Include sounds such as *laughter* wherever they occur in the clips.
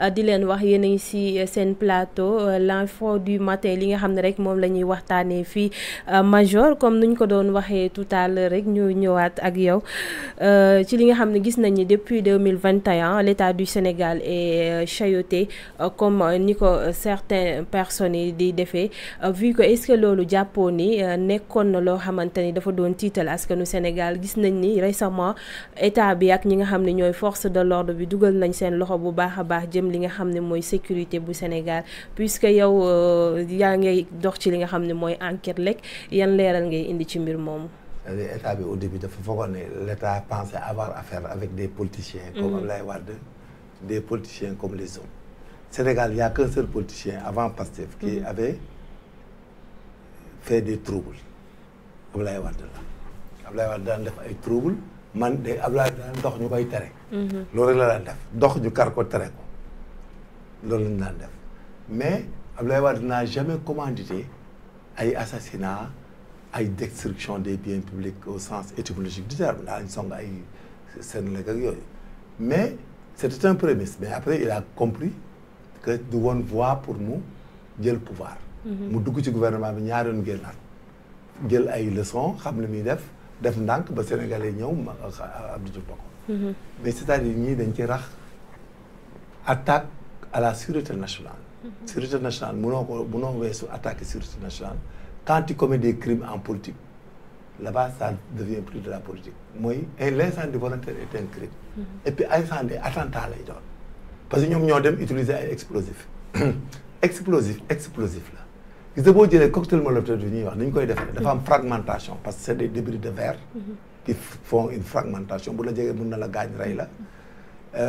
Euh, di leen wax yéen a ngi si euh, seen plateau euh, l'info du matin li nga xam ne rek moom la ñuy waxtaanee fii major comme nuñ ko doon waxee tout à l'heure rek ñu ñëwaat ak yow ci li nga xam ne gis nañ ni depuis 2021 l'état du Sénégal est chahuté comme ni ko certaines personnes yi di defee vu que est-ce que loolu jàppoo ni nekkoon na loo xamante ni dafa doon tiital askanu Sénégal gis nañ ni récemment état bi ak ñi nga xam ne ñooy force de l'ordre bi dugal nañ seen loxo bu baax a baax jëm jëm li nga xam ne mooy sécurité bu Sénégal puisque yow euh, yaa ngay dox ci li nga xam ne mooy enquête lekk yan leeral ngay indi ci mbir moomu. Euh, état bi au début dafa foogoon ne l'état pensait avoir affaire avec des politiciens. comme mm-hmm. Abdoulaye Wade des politiciens comme les autres. Sénégal il y a qu'un seul politicien avant Pastef qui mm-hmm. avait fait des troubles Abdoulaye Wade la Abdoulaye Wade daan def ay troubles man de Abdoulaye daan dox ñu koy tere. Mm-hmm. loolu rek la daan def dox ñu kar ko tere ko loolu mais Abdoulaye Ward n'a jamais commandité ay assassinat ay destruction des biens publics au sens étymologique du terme daañu song ay seen lekk ak mais c'était un prémisse mais après il a compris que du woon voie pour nous, le pouvoir mhm. mu dugg ci gouvernement bi ñaari yoon génnaat jël ay leçons xam ne def def ndànk ba sénégalais ñëw mhm. mais c'est-à-dire ñii dañ ci rax attaque à la sûreté nationale. Mhm. Sûreté nationale mënoo ko mënoo attaqué attaquer sûreté nationale quand tu commets des crimes en politique là-bas ça devient plus de la politique Et eh, l'incendie volontaire est un crime. Mhm. et puis l'incendie, attentat un attentat. parce que ont ñoo utilisé utiliser ay explosifs explosif explosif Ils ont nga boo le cocktail molotov devenir, wax mhm. fragmentation parce que c'est des débris de verre qui font une fragmentation bu la mën la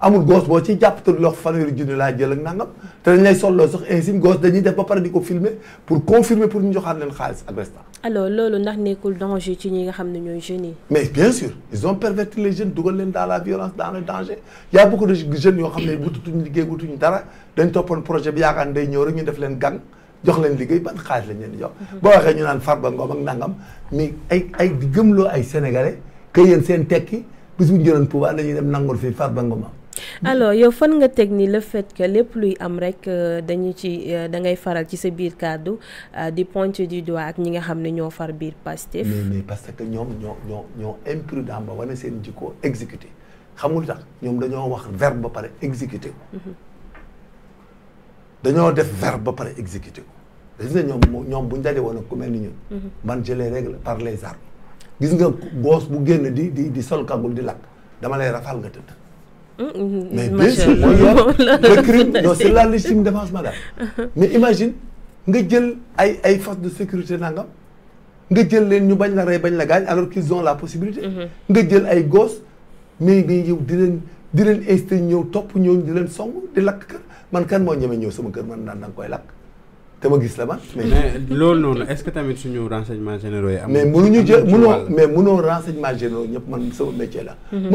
amul gosse boo ci japp te du la wax la jël ak nangam te dañ lay solloo sax insigne gosse dañuy def ba pare di filmer pour confirmer pour ñu joxaat leen xaalis ak restant. alors loolu ndax nekkul danger ci ñi nga xam ñoy ñooy mais bien sûr ils ont perverti les jeunes dugal leen dans la violence dans le danger il y a beaucoup de jeunes yo yoo bu ne wututuñ bu wutuñ dara dañ toppoon projet bi yaakaar day ñëw rek ñu def leen gang jox leen liggéey ban xaliss lañ leen jox. Mhm. bo waxee ñu naan Farba Ngom ak nangam mais ay ay di gëmloo ay sénégalais que yéen seen tekki bis bu ñu jëloon pouvoir dañuy dem nangul fi Farba Ngom Mm-hmm. alors yow fan nga teg ni le fait que lépp luy am rek euh, dañu ci euh, da ngay faral ci sa biir kàddu euh, di pointer du doigt ak ñi nga xam ne ñoo far biir Pastef. mais mais parce que ñoom ñoo ñoo ñoo imprudent ba wane seen jikko exécuté xamul tax ñoom dañoo wax verbe ba pare exécuté ko. Mm-hmm. dañoo def verbe ba pare exécuté ko. gis nga ñoom ñoom bu ñu daje woon ku mel ni ñun. Mm-hmm. man je les règle par les armes. gis nga goos bu génn di di di sol kagul di lakk dama lay rafal nga tëdd. mais bien sûr c'est la légitime défense madame *laughs* mais imagine nga jël ay ay forces de sécurité nangam nga jël gens qui bañ la alors qu'ils ont la possibilité mmh. nga jël ay des mais qui di di song man la mais est-ce que tamit suñu renseignement généraux mais renseignement généraux des man sama métier la mmh.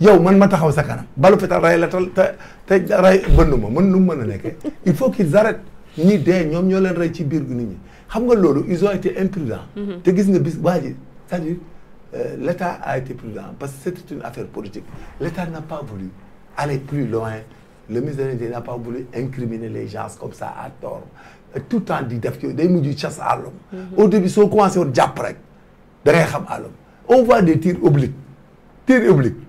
yow man ma taxaw sa kanam balu fetal ray la te te ray bënduma man mën nu mën a nekkee il faut qu'ils arrêtent ñi dee ñoom ñoo leen rey ci biir gu nit ñi xam nga loolu ils ont été imprudents mhm. te gis nga bis waa ji c'est-à-dire euh, l'État a été prudent parce que c'est une affaire politique l'État n'a pas voulu aller plus loin le ministre de l'Intérieur n'a pas voulu incriminer les gens comme ça à tort tout le temps di def day mujj chasse à l'homme mhm. au début soo commencé woon jàpp rek da ngay xam à on voit des tirs obliques tirs obliques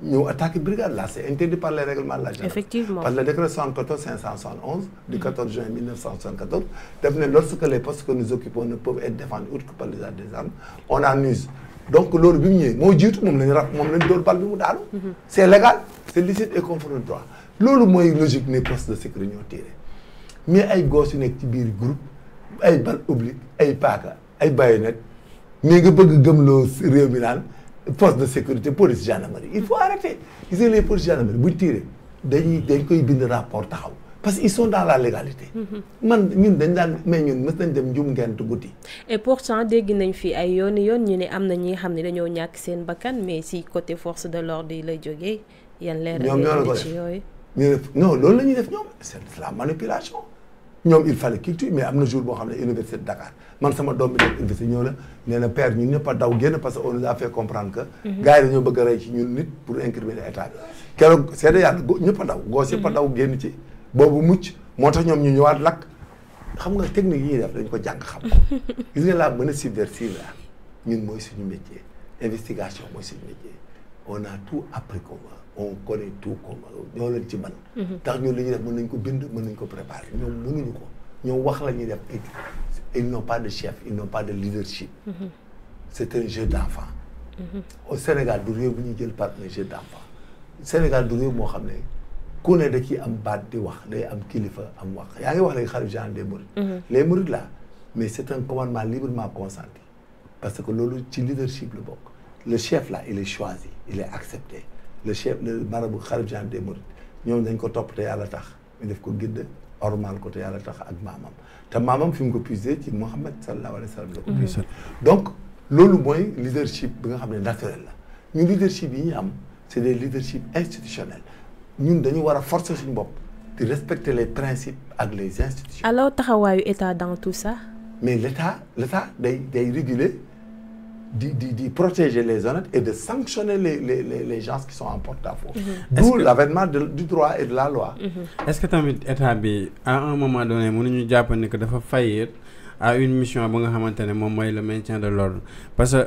Nous les brigade là c'est interdit par les règlements de la effectivement par le décret 74 571 du 14 juin 1974 lorsque les postes que nous occupons ne peuvent être défendus autre que par les armes on en donc l'ordre du milieu c'est tout le monde la légal C'est licite et conforme au droit loolu mooy logique les postes de sécurité mais ay gosses, yu nekk ci biir groupe ay bal oblique ay paaka ay baïonnette mais nga bëgg gëm loo réew mi force de sécurité police gendarmerie il faut arrêter Ils les police gendarmerie Ils tirer. ils rapport parce qu'ils sont dans la légalité. Mm-hmm. man et pourtant nañ fi ay ñu mais si côté force de l'ordre yi lay jógee. yan leer la non c'est la manipulation. ñoom il fallait qu'il tue mais am na jour boo xam ne université de Dakar man sama doom bi nekk université ñëw na nee na père ñun ñëpp a daw génn parce que on nous a fait comprendre que mhm. gars yi dañoo bëgg rey ci ñun nit pour incriminer état bi keroog seede yàlla ñëpp a daw goos yëpp a mhm. daw génn ci boobu mucc moo tax ñoom ñu ñëwaat lakk xam nga technique yi ñuy def dañ ko jàng xam *laughs* gis nga laa mën a subversive ñun mooy suñu métier investigation mooy suñu métier a tout appris comment on connaît tout comme ñoo leen ci man tax mhm. ñun li ñuy def mën ko bind ko préparer ñoom mënuñu ko ñoom wax la def ils n'ont pas de chef ils n'ont pas de leadership mhm. c'est un jeu d'enfant mhm. au Sénégal du réew bu ñuy jël part un jeu d'enfant Sénégal du réew moo xam ne ku ne da ciy am baat di wax day am kilifa am wax yaa ngi wax léegi xalif genre des les mourides là mais c'est un commandement librement consenti parce que le ci leadership le chef là il est choisi il est accepté le chef le marabout xalif général des mourides ñoom dañ ko topp te yàlla tax ñu def ko gidd ormal ko te yàlla tax ak mamam te mamam fi mu ko puisé ci Mouhamed sallallahu alayhi wasallam la ko mhm. puisé donc lolu moy leadership bi nga xamné naturel la ñu leadership yi ñi am c'est des leadership institutionnel ñun dañu wara a forcer suñu bop di respecter les principes ak les institutions alors taxawayu état dans tout ça mais l'état l'état day day réguler de protéger les honnêtes et de sanctionner les, les, les, gens qui sont en porte-à-faux. Mhm. D'où l'avènement du droit et de la loi. Mhm. Est-ce que tu état habillé à un moment donné nous japonais que dafa faillir à une mission à nga le maintien de l'ordre parce que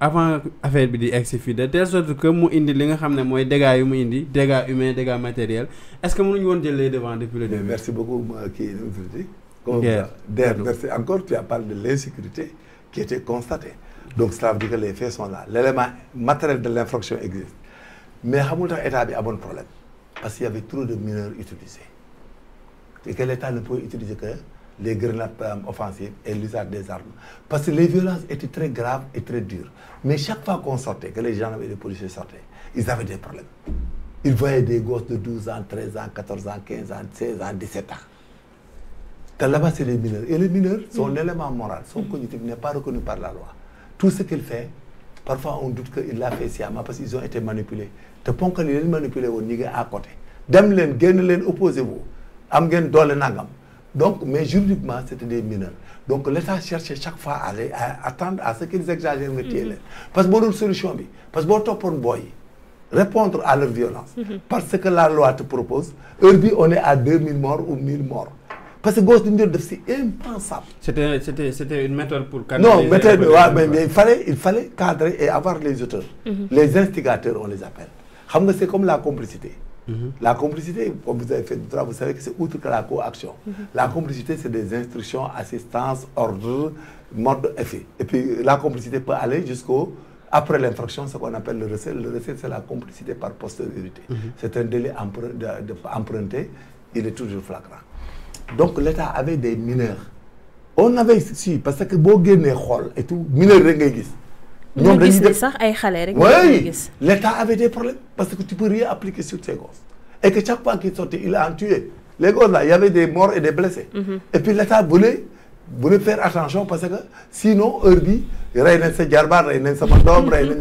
avant affaire bi di egg si telle que mu indi li nga dégâts humains mu indi dégâts dégâts matériels est ce que mënuñu woon jël les devant depuis le début. merci beaucoup kii comme ça encore tu as parlé de l'insécurité qui était constatée donc cela veut dire que les faits sont là l'élément matériel de l'infraction existe mais xamul tax état bi amoon problème parce qu'il y avait trop de mineurs utilisés et que l'état ne pouvait utiliser que les grenades euh, offensives et l'usage des armes. Parce que les violences étaient très graves et très dures. Mais chaque fois qu'on sortait, que les gens et les policiers sortaient, ils avaient des problèmes. Ils voyaient des gosses de 12 ans, 13 ans, 14 ans, 15 ans, 16 ans, 17 ans. Là-bas, c'est les mineurs. Et les mineurs, son élément moral, son cognitif n'est pas reconnu par la loi. Tout ce qu'il fait, parfois on doute qu'il l'a fait sciemment parce qu'ils ont été manipulés. te ponkal qu'ils ont manipulé manipulés, ils à côté dem len len opposé vous am donc, mais juridiquement, c'était des mineurs. Donc, l'État cherchait chaque fois à, attendre à ce qu'ils exagèrent le mhm. Parce que c'est une solution. Parce que c'est pour boy répondre à leur violence. Mhm. Parce que la loi te propose, aujourd'hui, on est à 2000 morts ou 1000 morts. Parce que c'est impensable. C'était une méthode pour cadrer. Non, méthode, mais, il, fallait, il fallait cadrer et avoir les auteurs. Mhm. Les instigateurs, on les appelle. C'est comme la complicité. Mhm. La complicité, comme vous avez fait tout travail, vous savez que c'est outre que la coaction. Mhm. La complicité, c'est des instructions, assistance, ordre, mode, effet. Et puis la complicité peut aller jusqu'au après l'infraction, ce qu'on appelle le recel. Le recel, c'est la complicité par postériorité. Mhm. C'est un délai emprunté, il est toujours flagrant. Donc l'État avait des mineurs. On avait ici, parce que vous et tout, mineurs, donc oui l'État avait des problèmes parce que tu ne peux rien appliquer sur ces gosses. et que chaque fois qu'il sortait, il a tué les gosses là il y avait des morts et des blessés. Mhm. et puis l'État voulait voulait faire attention parce que sinon rien de rey il sa jarbaar il y des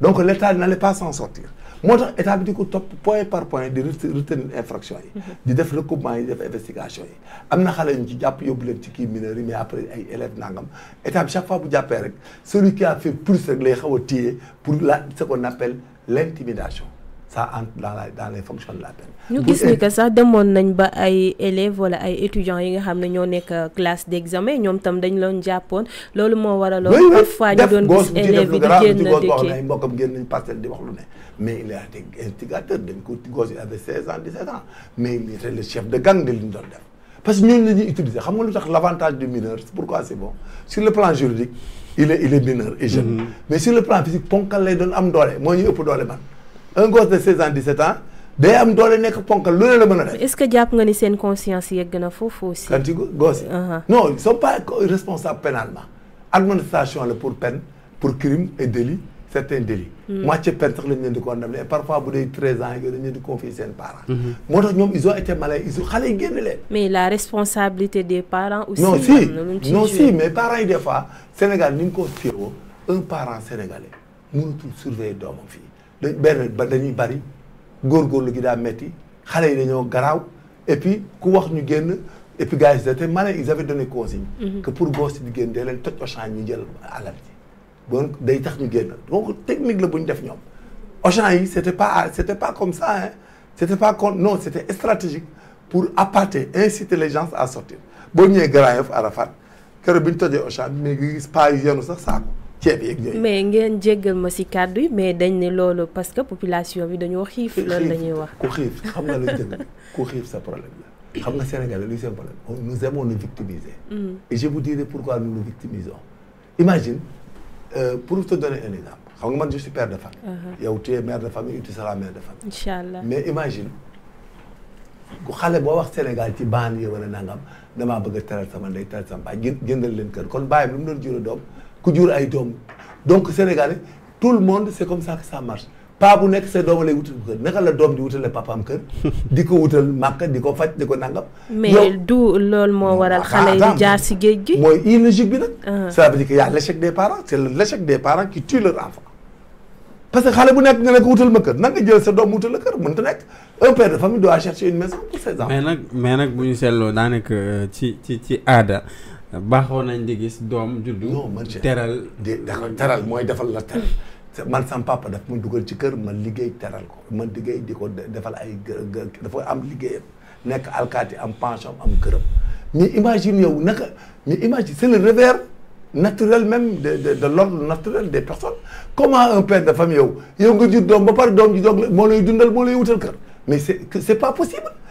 donc l'État n'allait pas s'en sortir moi tax état bi di top point par point de retenir infraction yi. Mhm. di def recoupement yi def investigation yi. am na xale ñu ci jàpp yóbbu ci mineurs mais après ay élèves nangam Étape chaque fois bu jàppee rek celui qui a fait plus de lay xaw pour la ce qu'on appelle l'intimidation ça entre dans la dans les fonctions de la peine. nous gis ni que ça, demoon nañ ba ay élèves wala ay étudiants yi nga xam ne ñoo nekk euh, classe d' en ñoom tam dañ loon jàppoon loolu dire waraloon. parfois ñu doon des élèves yi di génn dëkkee ay mbokkam génn nañ parcelle di wax lu ne. mais il a été instigateur dañ ko gosse il avait 16 ans 17 ans mais il était le chef de gang de li def parce que ñooñu la ñuy utiliser xam nga du mineur pourquoi c'est bon sur le plan juridique il est il est mineur et jeune. Mm-hmm. mais sur le plan physique ponkal lay doon am doole moo ñu ëpp doole man un gosse de 16 ans 17 ans il am doole nek ponkal lu la def. est-ce que japp nga ni une conscience yegg na fofu aussi. Uh-huh. non ils sont pas responsables pénalement administration le pour peine pour crime et délit c'est un hmm. moitié peine sax lañ leen di condamner parfois bu 13 ans yooyu dañ leen di confier sen parents. Hmm. tax ils ont été malades, ils ont xale yi mais la responsabilité des parents. aussi non si non si mais parents des fois Sénégal ni ko un parent sénégalais surveillons surveiller doomam fii dañ benn ba dañuy bari góorgóorlu gi da metti xalé yi dañoo garaaw et puis ku wax ñu genn et puis gars yi si te ils avaient donné consigne. Mm-hmm. que pour gosse di génn dee leen toj Auchan ñu jël alerte bon day tax ñu genn donc technique la buñ ñu def ñoom Auchan yi c'était pas c'était pas comme ça hein c'était pas con non c'était stratégique pour appâter inciter les gens à sortir bo ñé Grand Yoff Arafat kéro bi ñu tojee Auchan mais nga gis pas yu yenu sax saako ceeb yeeg yooyu. mais ngeen jéggal ma si kàddu yi mais dañ ne loolu parce que population bi dañoo xiif. loolu la ñuy wax ku xiif xam nga lu jënd ku xiif sa problème la. xam nga Sénégal luy seen problème nous aimons nous victimiser. Mm. et je vous dirai pourquoi nous nous victimisons. imagine euh, pour te donner un exemple xam nga man je suis père de famille. Uh-huh. yow tu es mère de famille et tu seras mère de famille. incha mais imagine ku xale boo wax Sénégal ci baan yi wala nangam dama bëgg a teral sama ndey teral sama baay jëndal leen kër kon bàyyi bi mu doon juró doom ku jur ay doom donc Sénégalais tout le monde c'est comme ça que ça marche paa bu nekk sa doom lay wutal bu kër naka la doom di wutale papaam kër. *laughs* di ko wutal màkk di ko faj di ko nangam. mais dou l'homme moo waral. Ah, xale yi jaar si géej moi il illogique bi bien ah. ça veut dire que y a l'échec des parents c'est l'échec des parents qui tue leur enfant. parce que xale bu nekk nga ne ko wutal ma kër nan nga jël sa doom wutal la kër un père de famille doit chercher une maison pour ses enfants. mais nag mais nag bu ñu que daanaka euh, ci ci ci aada baaxoon nañ di gis doom juddu. non man teral teral mooy defal la teral. man sama papa daf ma dugal ci kër man liggéey teral ko man liggéey di ko defal ay dafa am liggéeyam nekk alkaati am pension am këram mais imagine yow naka mais imagine c'est le revers naturel même de de de l'ordre naturel des personnes comment un père de famille yow yow nga jur doom ba pare doom ji doog moo lay dundal moo lay wutal kër mais c'est c'est pas possible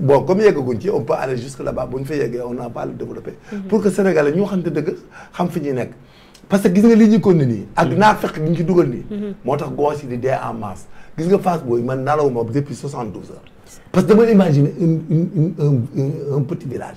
bon comme yeggaguñ ci on peut aller jusque là-bas Bonne ñu fa on n'a pas à le développer. Mhm. pour que sénégalais ñu waxante dëgg xam fi ñuy parce que gis nga li ñu ko nii. ak mhm. naa fekk bi ñu ci dugal nii. Mhm. moo tax gauche yi di dee en masse. gis nga Fass Boy man nalaw ma depuis 72 heures. parce que dama imaginer un un un petit village.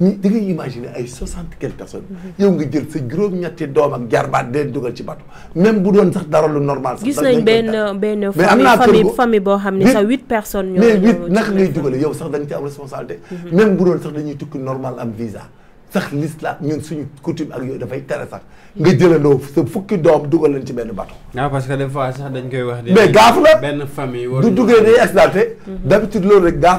Imaginez, 64 imaginer personnes. Mhm. même si doon sax normal. sax famille famille personnes. mais huit responsabilité. Mhm. même si doon sax dañuy tukki normal am visa. sax l'islam ñun suñu coutume ak yooyu dafay tere sax nga fukki ci ah, parce que des fois sax dañ koy wax. mais famille. du mhm. d'habitude rek la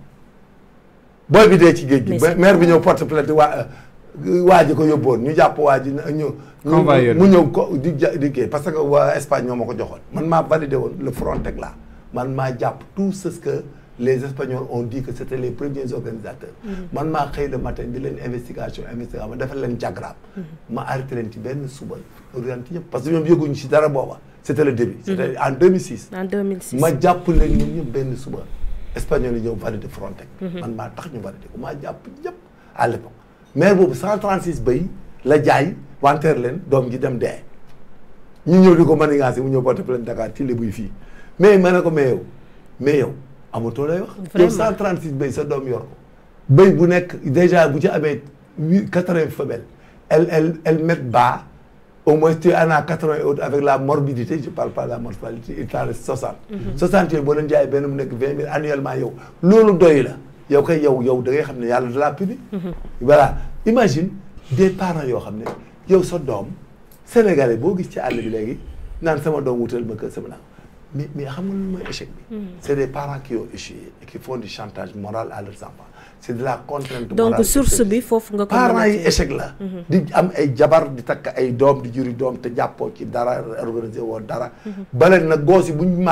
boy bi ci maire bi porte parce que Espagne le tout ce que les Espagnols ont dit que c'était les premiers organisateurs. Mm-hmm. man ma xey le matin di len investigation investigation mm-hmm. ma arrêté len ci suba parce que ñom ci dara c' le début. c'était mm-hmm. en 2006. en 2006 espagnol ñeu ñëw validé Frontex man maa tax ñu validé ko maa jàpp ñëpp à l'époque maire boobu 136 bay la jaay wanter leen doom ji dem dee ñu ñëw di ko manigancé mu ñëw porte plainte Dakar ci li buy mais ma ne ko mais yow mais yow amatoo lay wax 136 bay sa doom yor ko bay bu nek déjà bu ci amee 80 femelles elle elle elle met bas au moins tu as 80 avec la morbidité, je ne parle pas de la mortalité, il t'en reste 60. 60 tu es bon, 20 000 annuellement yow tu doy la yow kay yow yow da ngay tu de la tu mhm. voilà imagine des parents yoo xam c'est yow sa sénégalais à ci bi sama wutal ma sama mais mais échec mhm. des parents qui ont échoué et qui font du chantage moral à leurs enfants. c'est de la contrainte morale donc source bi foofu nga ko parents yi échec la mhm. di am ay jabar di takk ay doom di juri doom te jàppoo ci dara organisé woo dara mhm. bale nag goos bu ñu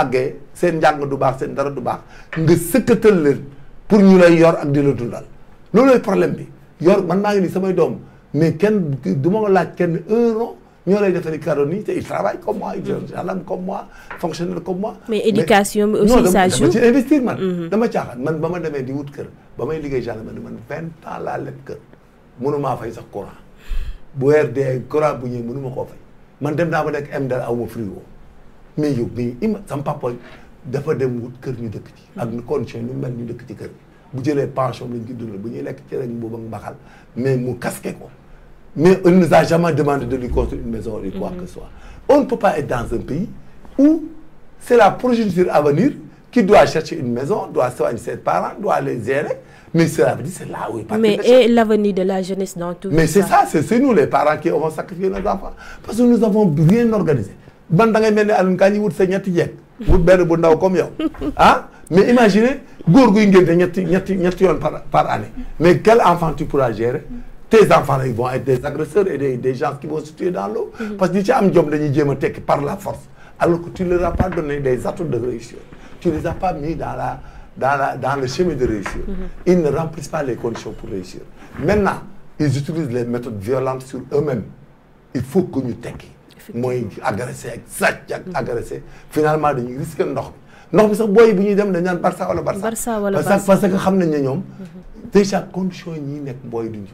seen njàng du baax seen dara du baax nga sëkkatal leen pour ñu lay yor ak di la dundal loolooy problème bi yor man maa ngi nii samay doom mais kenn du ma laaj kenn un ñoo lay defari cadeau nii te il travaille comme moi il est mm-hmm. gendarme comme moi fonctionnaire comme moi. mais éducation bi aussi ça joue investir man. Mm-hmm. dama caaxaan man ba ma demee di wut kër ba may liggéey gendarmerie man vingt ans laa leb kër maa fay sax courant bu weer dee courant bu ñëwee mënuma koo fay man dem naa ba nekk MDR aw ma frigo mais yow mais ima sama papa dafa dem wut kër ñu dëkk ci. ak nu mm-hmm. condition nu mel ñu dëkk ci kër bu jëlee pension lañ ci dundal bu ñuy lekk cere ak mbubb ak mbaxal mais mu casqué ko. mais on ne nous a jamais demandé de lui construire une maison ou quoi que ce soit. On ne peut pas être dans un pays où c'est la progéniture à venir qui doit chercher une maison, doit soigner ses parents, doit les gérer. Mais cela veut dire c'est là où il problème. Mais et l'avenir de la jeunesse dans tout Mais c'est ça, c'est nous les parents qui avons sacrifié nos enfants. Parce que nous avons bien organisé. *laughs* Ah, mais imaginez, par, par année. Mais quel enfant tu pourras gérer tes enfants ils vont être des agresseurs et des, gens qui vont se tuer dans l'eau. Mhm. Parce que tu as am jom dañuy jéem a par la force alors que tu ne leur as pas donné des atouts de réussite tu ne les as pas mis dans la dans la dans le chemin de réussir. Mhm. ils ne remplissent pas les conditions pour réussir. maintenant ils utilisent les méthodes violentes sur eux-mêmes il faut que nous tekki. mooy agresser ak mhm. agresser finalement dañuy risquent de mi ndox mi sax booy bu ñuy dem dañ Barça wala Barça. parce que nous savons que ñoom. déjà conditions yi ñuy nekk duñ ci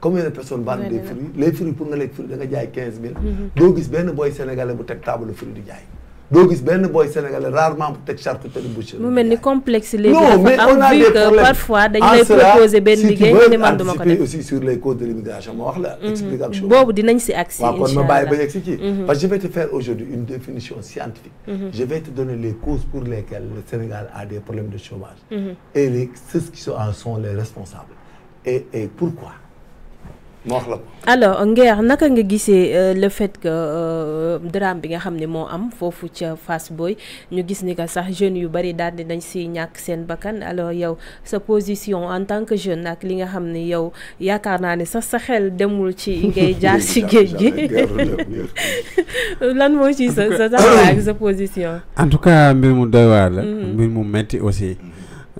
combien de personnes vendent des fruits les fruits pour nga lekk 15 000. nga jaay 15000 do mm-hmm. doo gis benn booy sénégalais bu tek table fruit du jaay do gis ben boy sénégalais rarement bu teg charcuterie boucherie mu melni complexe les. non mais on a des problèmes parfois dañ lay proposer ben liggéey ne man duma ko def aussi sur les causes de l'immigration ma wax la mm-hmm. explication dinañ ci axe kon ma ba mm-hmm. parce que je vais te faire aujourd'hui une définition scientifique je vais te donner les causes pour lesquelles le Sénégal a des problèmes de chômage et les ce qui en sont les responsables et et pourquoi alors Nguer naka nga gisee euh, le fait que euh, drame bi nga xam mo am fofu ci face boy ñu giss ni ka sax jeune yu bari dal di nañ ci ñak sen bakan. alors yow sa position en tant que jeune ak li nga xam yow yaakaar naa ne sax sa xel demul ci ngay jaar si géej gi *laughs* lan moo ci sa sa ak sa position. en tout cas mbir mu doy war la. Mm-hmm. mbir mu metti aussi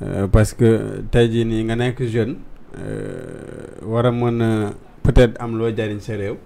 euh, parce que tey ni nga nek jeune euh, wara mëna peut-être am loo jariñ sa réew